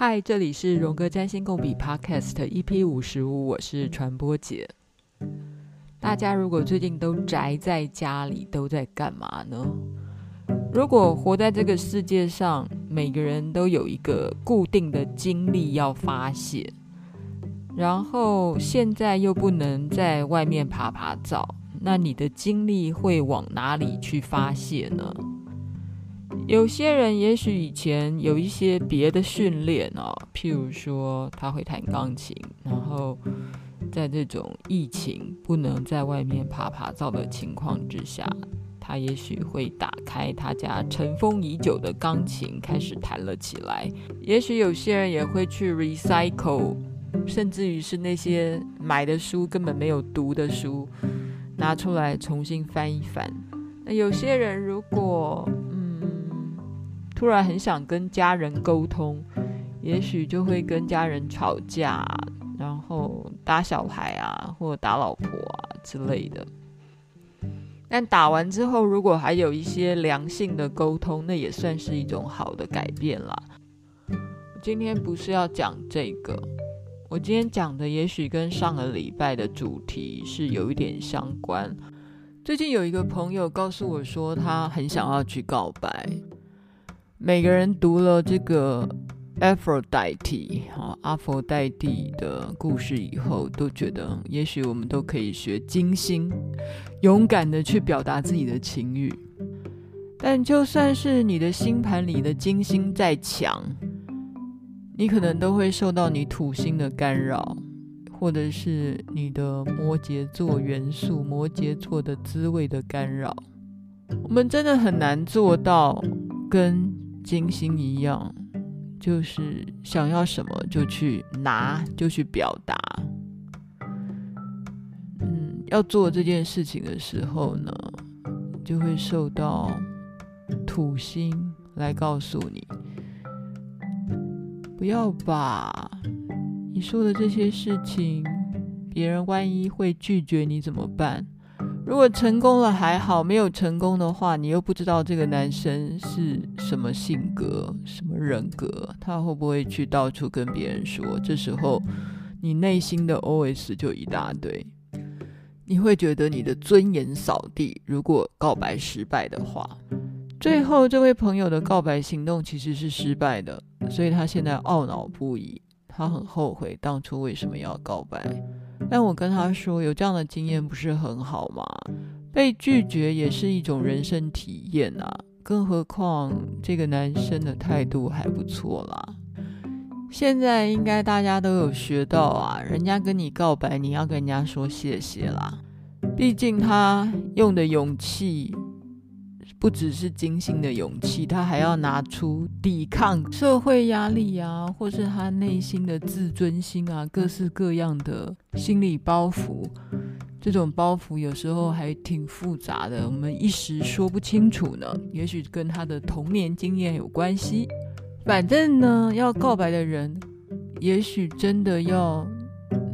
嗨，這裡是榮格占星共筆 Podcast EP 55，我是傳播姐。大家如果最近都宅在家裡，都在幹嘛呢？如果活在這個世界上，每個人都有一個固定的精力要發洩，然後現在又不能在外面趴趴走，那你的精力會往哪裡去發洩呢？有些人也許以前有一些別的訓練哦，譬如說他會彈鋼琴，然後在這種疫情不能在外面趴趴走的情況之下，他也許會打開他家塵封已久的鋼琴，開始彈了起來。也許有些人也會去 recycle，甚至於是那些買的書根本沒有讀的書，拿出來重新翻一翻。那有些人如果，突然很想跟家人溝通，也許就會跟家人吵架，然後打小孩啊，或打老婆啊之類的。但打完之後，如果還有一些良性的溝通，那也算是一種好的改變啦。今天不是要講這個，我今天講的也許跟上個禮拜的主題是有一點相關。最近有一個朋友告訴我說，他很想要去告白。每個人讀了這個阿佛代蒂，好阿佛代蒂的故事以後，都覺得也許我們都可以學金星，勇敢的去表達自己的情慾。但就算是你的星盤裡的金星再強，你可能都會受到你土星的干擾，或者是你的摩羯座元素、摩羯座的滋味的干擾。我們真的很難做到跟。金星一樣，就是想要什麼就去拿，就去表達。嗯，要做這件事情的時候呢，就會受到土星來告訴你，不要把你說的這些事情，別人萬一會拒絕你怎麼辦？如果成功了還好，沒有成功的話，你又不知道這個男生是什麼性格，什麼人格，他會不會去到處跟別人說？這時候，你內心的 OS 就一大堆，你會覺得你的尊嚴掃地。如果告白失敗的話，最後這位朋友的告白行動其實是失敗的，所以他現在懊惱不已，他很後悔當初為什麼要告白。但我跟他說，有這樣的經驗不是很好嗎？被拒絕也是一種人生體驗啊，更何況這個男生的態度還不錯啦。現在應該大家都有學到啊，人家跟你告白，你要跟人家說謝謝啦。畢竟他用的勇氣。不只是金星的勇氣，他還要拿出抵抗社會壓力啊，或是他內心的自尊心啊，各式各樣的心理包袱。這種包袱有時候還挺複雜的，我們一時說不清楚呢。也許跟他的童年經驗有關係。反正呢，要告白的人，也許真的要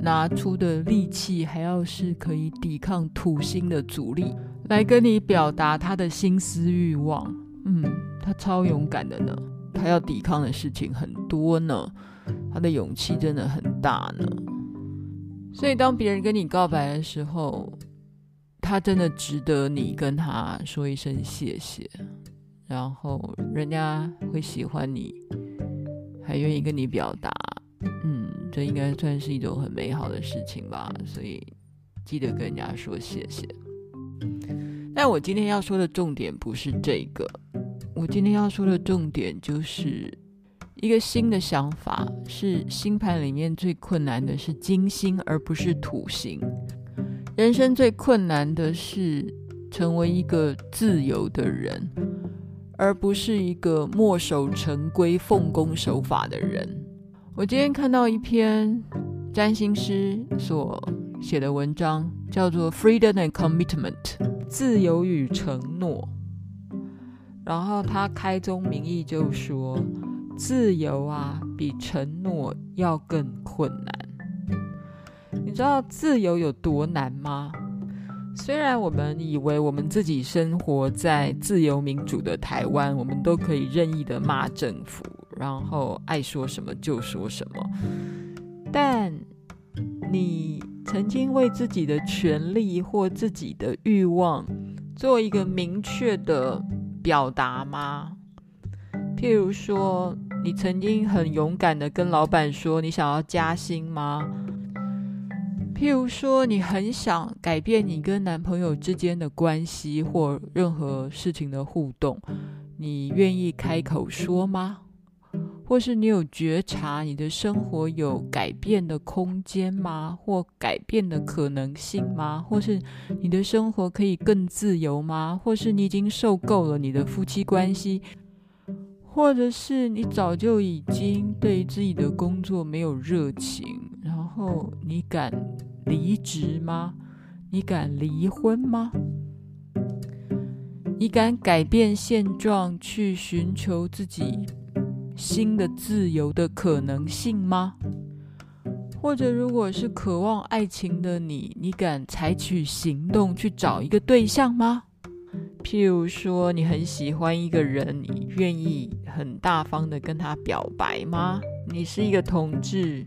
拿出的力氣，還要是可以抵抗土星的阻力。來跟你表達他的心思慾望，嗯，他超勇敢的呢，他要抵抗的事情很多呢，他的勇氣真的很大呢。所以當別人跟你告白的時候，他真的值得你跟他說一聲謝謝，然後人家會喜歡你，還願意跟你表達。嗯，這應該算是一種很美好的事情吧。所以記得跟人家說謝謝。但，我今天要說的重點不是這個，我今天要說的重點就是一個新的想法，是星盤裡面最困難的是金星，而不是土星。人生最困難的是成為一個自由的人，而不是一個墨守成規、奉公守法的人。我今天看到一篇占星師所寫的文章。叫做 “freedom and commitment”（ 自由與承諾），然後他開宗明義就說：“自由啊，比承諾要更困難。”你知道自由有多難嗎？雖然我們以為我們自己生活在自由民主的台灣，我們都可以任意的罵政府，然後愛說什麼就說什麼，但你曾經為自己的權利或自己的慾望做一個明確的表達嗎？譬如說，你曾經很勇敢的跟老闆說你想要加薪嗎？譬如說，你很想改變你跟男朋友之間的關係或任何事情的互動，你願意開口說嗎？或是你有覺察你的生活有改變的空間嗎？或改變的可能性嗎？或是你的生活可以更自由嗎？或是你已經受夠了你的夫妻關係？或者是你早就已經對自己的工作沒有熱情，然後你敢離職嗎？你敢離婚嗎？你敢改變現狀去尋求自己？新的自由的可能性嗎？或者，如果是渴望愛情的你，你敢採取行動去找一個對象嗎？譬如說，你很喜歡一個人，你願意很大方的跟他表白嗎？你是一個同志，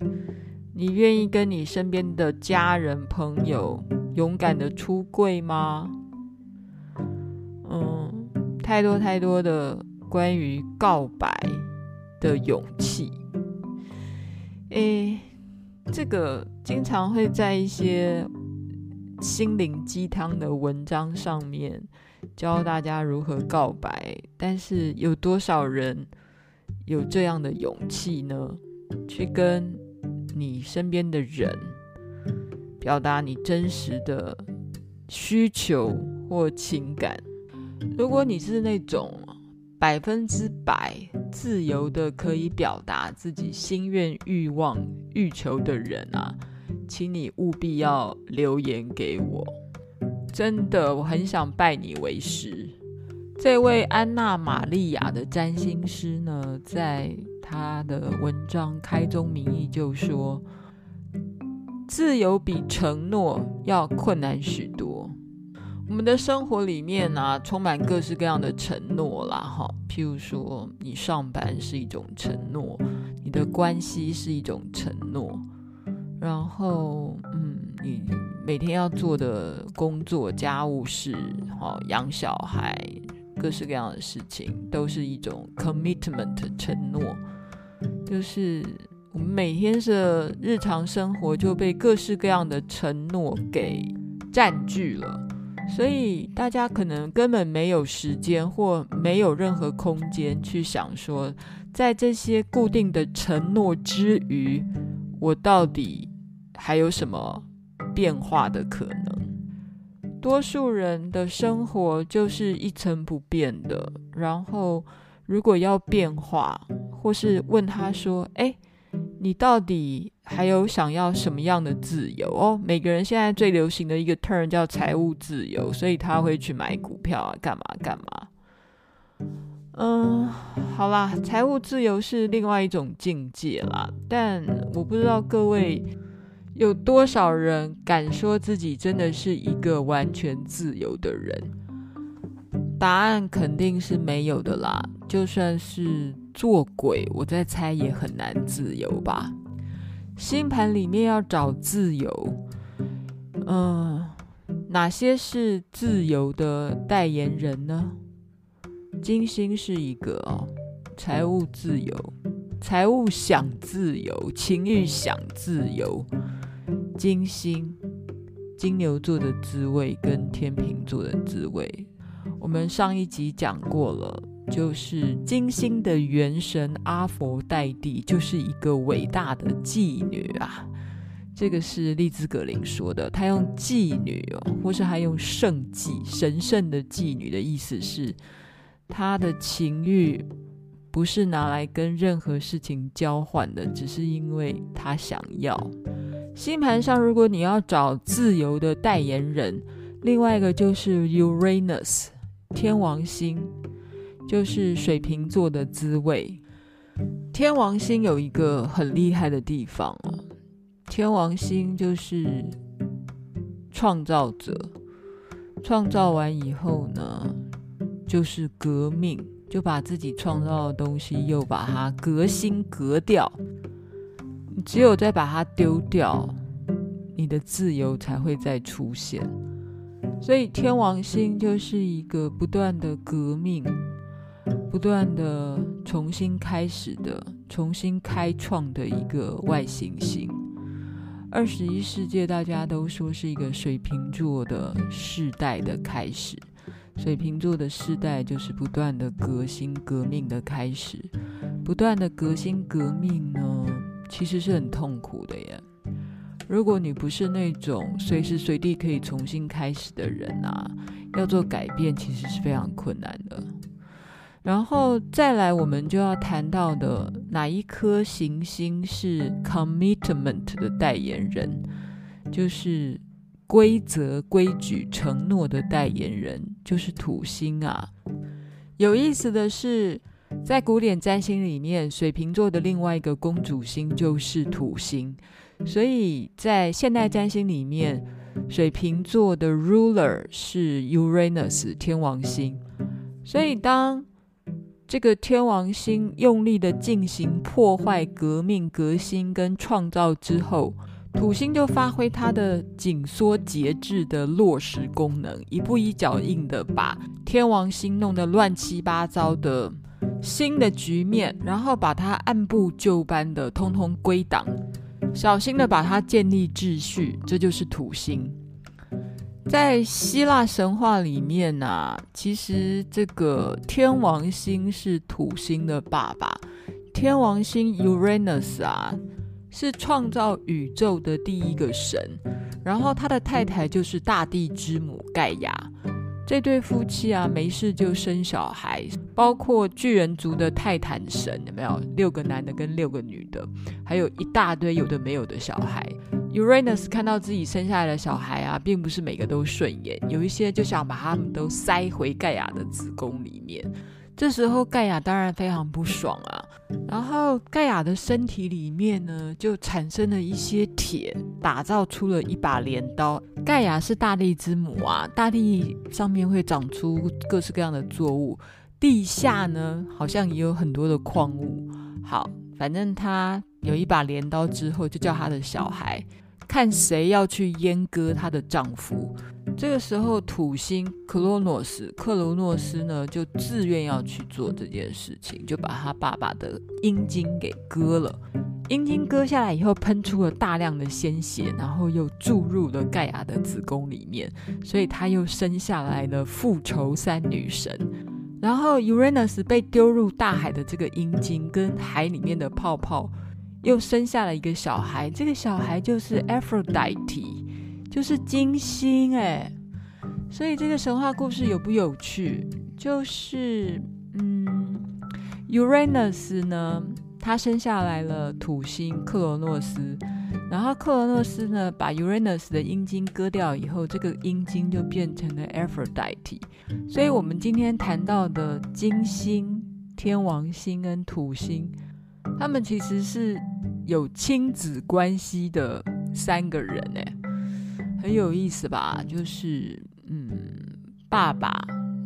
你願意跟你身邊的家人、朋友勇敢的出櫃嗎？嗯，太多太多的關於告白。的勇氣，誒，這個經常會在一些心靈雞湯的文章上面教大家如何告白，但是有多少人有這樣的勇氣呢？去跟你身邊的人表達你真實的需求或情感。如果你是那種。百分之百自由的，可以表達自己心願、慾望、欲求的人啊，請你務必要留言給我。真的，我很想拜你為師。這位安娜·瑪利亞的占星師呢，在他的文章開宗明義就說：“自由比承諾要困難許多。”我們的生活裡面呢、啊，充滿各式各樣的承諾啦，哈，譬如說，你上班是一種承諾，你的關係是一種承諾，然後，嗯，你每天要做的工作、家務事，哈，養小孩，各式各樣的事情，都是一種 commitment 承諾，就是我們每天的日常生活就被各式各樣的承諾給占據了。所以大家可能根本沒有時間，或沒有任何空間去想說，在這些固定的承諾之餘，我到底還有什麼變化的可能？多數人的生活就是一成不變的。然後，如果要變化，或是問他說：“哎，你到底？”還有想要什麼樣的自由哦？每個人現在最流行的一個 turn 叫財務自由，所以他會去買股票啊，幹嘛幹嘛。嗯，好啦，財務自由是另外一種境界啦。但我不知道各位有多少人敢說自己真的是一個完全自由的人？答案肯定是沒有的啦。就算是做鬼，我在猜也很難自由吧。星盤裡面要找自由，嗯，哪些是自由的代言人呢？金星是一個哦，財務自由，財務想自由，情欲想自由。金星，金牛座的滋味跟天秤座的滋味，我們上一集講過了。就是金星的元神阿佛代蒂，就是一個偉大的妓女啊。這個是利茲格林說的，他用妓女哦，或是他用聖妓、神聖的妓女的意思是，他的情欲不是拿來跟任何事情交換的，只是因為他想要。星盤上，如果你要找自由的代言人，另外一個就是 Uranus，天王星。就是水瓶座的滋味。天王星有一個很厲害的地方啊，天王星就是創造者，創造完以後呢，就是革命，就把自己創造的東西又把它革新革掉。只有再把它丟掉，你的自由才會再出現。所以天王星就是一個不斷的革命。不斷的重新開始的、重新開創的一個外行星，星。二十一世紀大家都說是一個水瓶座的世代的開始，水瓶座的世代就是不斷的革新革命的開始。不斷的革新革命呢，其實是很痛苦的耶。如果你不是那種隨時隨地可以重新開始的人啊，要做改變其實是非常困難的。然後再來，我們就要談到的哪一顆行星是 commitment 的代言人，就是規則、規矩、承諾的代言人，就是土星啊。有意思的是，在古典占星裡面，水瓶座的另外一個公主星就是土星，所以在現代占星裡面，水瓶座的 ruler 是 Uranus 天王星，所以當這個天王星用力的進行破壞、革命、革新、跟創造之後，土星就發揮它的緊縮、節制的落實功能，一步一腳印的把天王星弄得亂七八糟的新的局面，然後把它按部就班的通通歸檔，小心的把它建立秩序。這就是土星。在希臘神話裡面呢、啊，其實這個天王星是土星的爸爸，天王星 Uranus 啊是創造宇宙的第一個神，然後他的太太就是大地之母蓋亞，這對夫妻啊沒事就生小孩，包括巨人族的泰坦神有沒有？六個男的跟六個女的，還有一大堆有的沒有的小孩。Uranus 看到自己生下來的小孩啊，並不是每個都順眼，有一些就想把他們都塞回蓋亞的子宮裡面。這時候蓋亞當然非常不爽啊。然後蓋亞的身體裡面呢，就產生了一些鐵，打造出了一把鐮刀。蓋亞是大地之母啊，大地上面會長出各式各樣的作物，地下呢，好像也有很多的礦物。好，反正他有一把鐮刀之後，就叫他的小孩。看誰要去閹割她的丈夫，這個時候土星克洛諾斯，克洛諾斯呢就自願要去做這件事情，就把他爸爸的陰莖給割了。陰莖割下來以後，噴出了大量的鮮血，然後又注入了蓋亞的子宮裡面，所以他又生下來了復仇三女神。然後 Uranus 被丟入大海的這個陰莖跟海裡面的泡泡又生下了一個小孩，這個小孩就是 Aphrodite，就是金星哎。所以這個神話故事有不有趣？就是，嗯，Uranus 呢，他生下來了土星克羅諾斯，然後克羅諾斯呢把 Uranus 的陰莖割掉以後，這個陰莖就變成了 Aphrodite。所以我們今天談到的金星、天王星跟土星。他們其實是有親子關係的三個人。欸，很有意思吧？就是，嗯，爸爸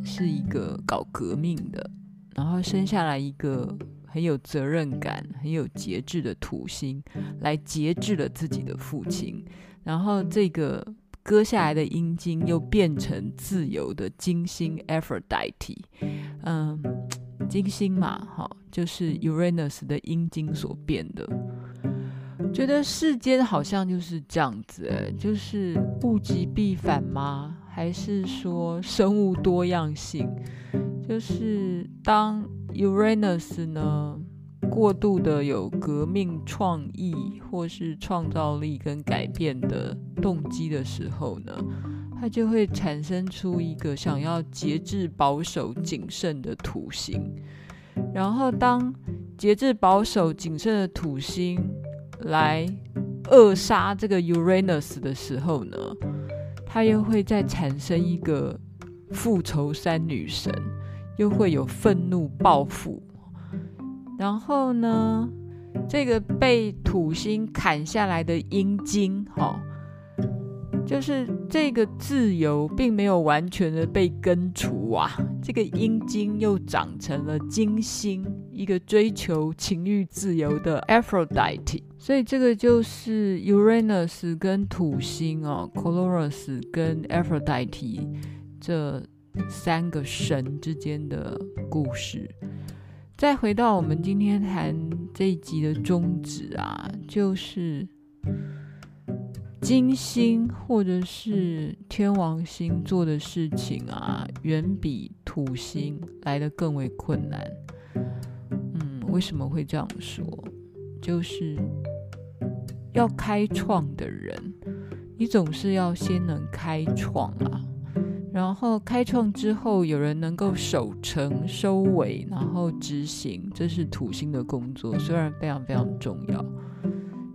是一個搞革命的，然後生下來一個很有責任感、很有節制的土星，來節制了自己的父親，然後這個割下來的陰莖又變成自由的金星，Aphrodite，嗯。金星嘛，哈，就是 Uranus 的陰莖所變的。覺得世間好像就是這樣子，欸，就是物極必反嗎？還是說生物多樣性？就是當 Uranus 呢，過度的有革命創意或是創造力跟改變的動機的時候呢？它就會產生出一個想要節制、保守、謹慎的土星，然後當節制、保守、謹慎的土星來扼殺這個 Uranus 的時候呢，它又會再產生一個復仇三女神，又會有憤怒、報復，然後呢，這個被土星砍下來的陰莖，哈、哦。就是這個自由並沒有完全的被根除啊，這個陰莖又長成了金星，一個追求情欲自由的 Aphrodite。所以這個就是 Uranus 跟土星哦、啊，Cronus 跟 Aphrodite 這三個神之間的故事。再回到我們今天談這一集的宗旨啊，就是。金星或者是天王星做的事情啊，遠比土星來得更為困難。嗯，為什麼會這樣說？就是要開創的人，你總是要先能開創啊，然後開創之後，有人能夠守成收尾，然後執行，這是土星的工作，雖然非常非常重要。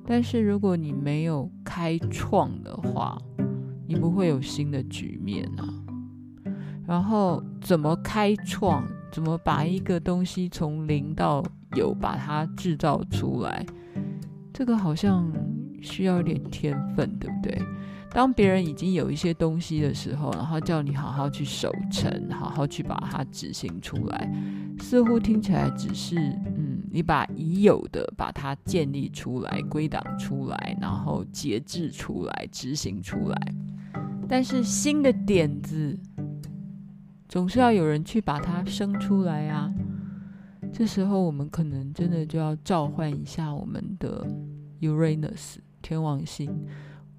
但是如果你沒有開創的話，你不會有新的局面啊。然後怎麼開創？怎麼把一個東西從零到有把它製造出來？這個好像需要一點天分，對不對？當別人已經有一些東西的時候，然後叫你好好去守成，好好去把它執行出來，似乎聽起來只是。你把已有的把它建立出來、歸檔出來，然後節制出來、執行出來。但是新的點子總是要有人去把它生出來啊！這時候我們可能真的就要召喚一下我們的 Uranus（ 天王星）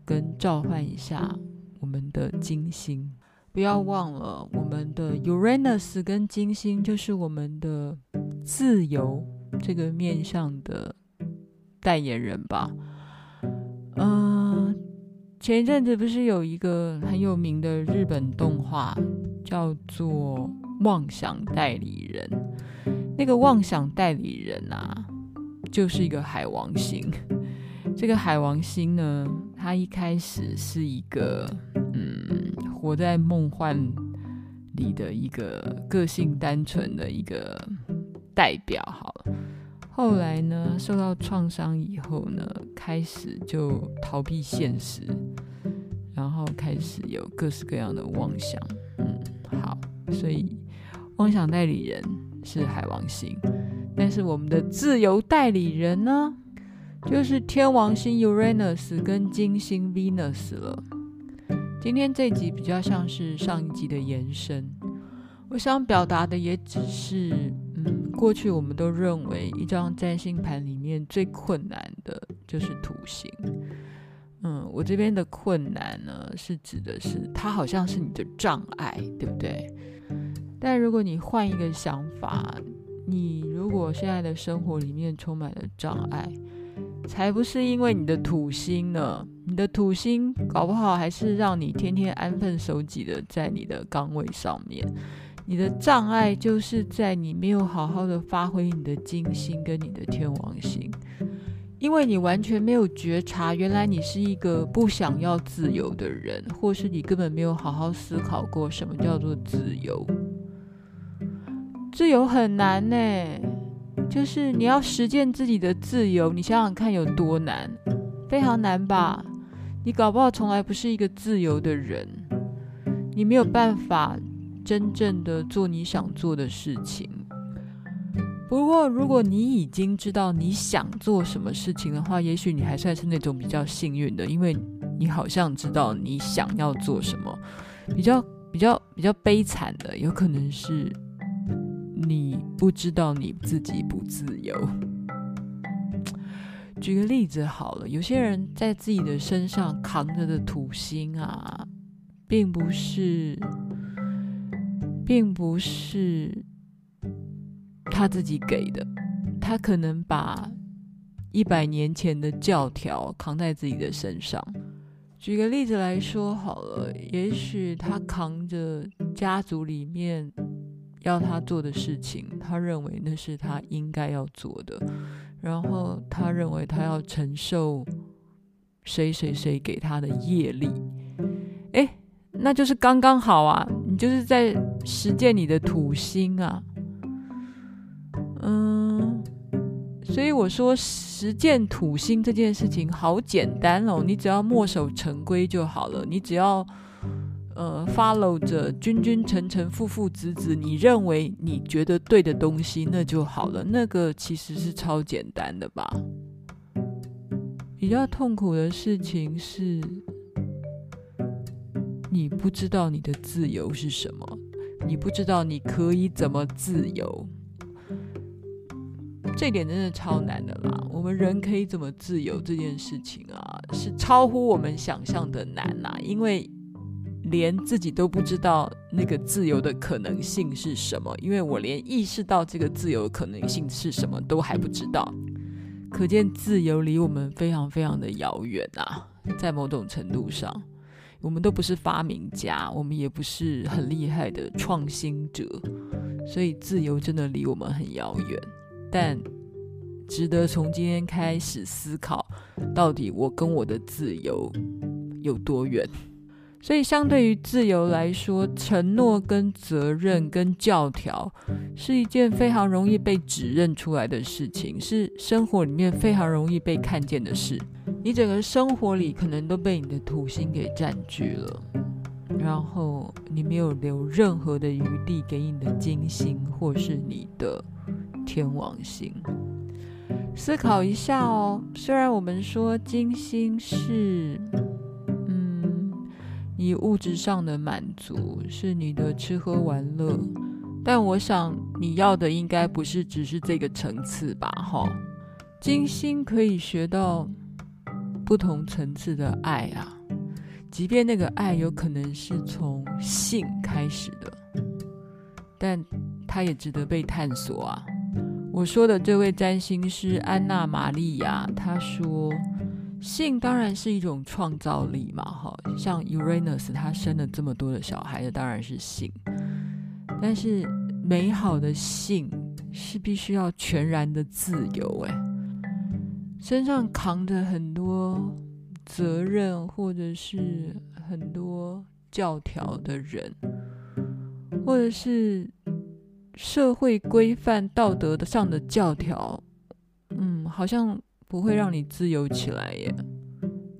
跟召喚一下我們的金星。不要忘了，我們的 Uranus 跟金星就是我們的自由。這個面向的代言人吧，嗯、呃，前一陣子不是有一個很有名的日本動畫叫做《妄想代理人》？那個妄想代理人啊，就是一個海王星。這個海王星呢，他一開始是一個，嗯，活在夢幻裡的一個個性單純的一個。代表好了。後來呢，受到創傷以後呢，開始就逃避現實，然後開始有各式各樣的妄想。嗯，好，所以妄想代理人是海王星，但是我們的自由代理人呢，就是天王星 Uranus 跟金星 Venus 了。今天這集比較像是上一集的延伸，我想表達的也只是，過去我們都認為一張占星盤裡面最困難的就是土星。嗯，我這邊的困難呢，是指的是它好像是你的障礙，對不對？但如果你換一個想法，你如果現在的生活裡面充滿了障礙，才不是因為你的土星呢，你的土星搞不好還是讓你天天安分守己的在你的崗位上面。你的障礙就是在你沒有好好的發揮你的金星跟你的天王星，因為你完全沒有覺察，原來你是一個不想要自由的人，或是你根本沒有好好思考過什麼叫做自由。自由很難呢、欸，就是你要實踐自己的自由，你想想看有多難，非常難吧？你搞不好從來不是一個自由的人，你沒有辦法。真正的做你想做的事情。不過，如果你已經知道你想做什麼事情的話，也許你還算是，是那種比較幸運的，因為你好像知道你想要做什麼。比較比較比較悲慘的，有可能是你不知道你自己不自由。舉個例子好了，有些人在自己的身上扛着的土星啊，並不是。並不是他自己給的，他可能把一百年前的教條扛在自己的身上。舉個例子來說好了，也許他扛着家族裡面要他做的事情，他認為那是他應該要做的，然後他認為他要承受誰誰誰給他的業力。誒、欸，那就是剛剛好啊。就是在實踐你的土星啊，嗯，所以我說實踐土星這件事情好簡單哦，你只要墨守成規就好了，你只要呃 follow 着君君臣臣父父子子，你認為你覺得對的東西那就好了，那個其實是超簡單的吧。比較痛苦的事情是。你不知道你的自由是什麼，你不知道你可以怎麼自由，這點真的超難的啦。我們人可以怎麼自由這件事情啊，是超乎我們想象的難吶啊。因為連自己都不知道那個自由的可能性是什麼，因為我連意識到這個自由的可能性是什麼都還不知道，可見自由離我們非常非常的遙遠啊。在某種程度上。我們都不是發明家，我們也不是很厲害的創新者，所以自由真的離我們很遙遠。但值得從今天開始思考，到底我跟我的自由有多遠？所以，相對於自由來說，承諾跟責任跟教條是一件非常容易被指認出來的事情，是生活裡面非常容易被看見的事。你整個生活裡可能都被你的土星給占據了，然後你沒有留任何的餘地給你的金星或是你的天王星。思考一下哦、喔，雖然我們說金星是。你物質上的滿足是你的吃喝玩樂，但我想你要的應該不是只是這個層次吧？哈，金星可以學到不同層次的愛啊，即便那個愛有可能是從性開始的，但它也值得被探索啊。我說的這位占星師安娜·瑪利亞，她說。性當然是一種創造力嘛，哈，像 Uranus 他生了這麼多的小孩子，當然是性。但是美好的性是必須要全然的自由，誒。身上扛着很多責任或者是很多教條的人，或者是社會規範、道德上的教條，嗯，好像。不會讓你自由起來耶。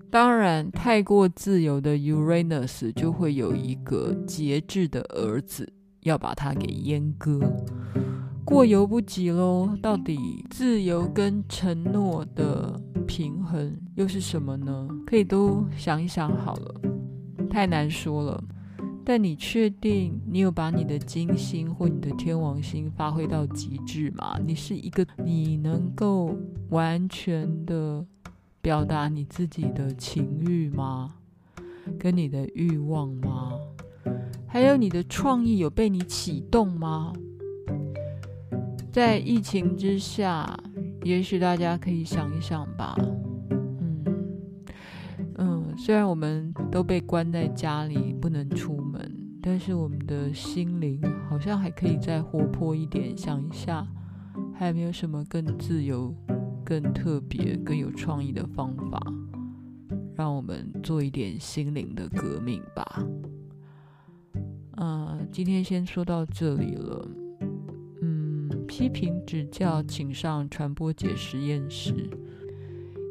當然，太過自由的 Uranus 就會有一個節制的兒子，要把他給閹割，過猶不及咯，到底自由跟承諾的平衡又是什麼呢？可以都想一想好了，太難說了。但你確定你有把你的金星或你的天王星發揮到極致嗎？你是一個你能夠完全的表達你自己的情慾嗎？跟你的慾望嗎？還有你的創意有被你啟動嗎？在疫情之下，也許大家可以想一想吧。嗯嗯，雖然我們都被關在家裡，不能出門。但是我們的心靈好像還可以再活潑一點，想一下，還有沒有什麼更自由、更特別、更有創意的方法，讓我們做一點心靈的革命吧。嗯、呃，今天先說到這裡了。嗯，批評指教請上傳播姐實驗室，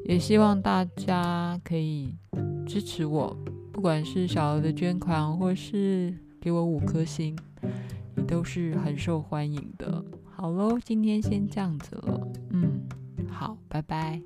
也希望大家可以支持我，不管是小額的捐款或是。給我五顆星，你都是很受歡迎的。好嘍，今天先這樣子了。嗯，好，拜拜。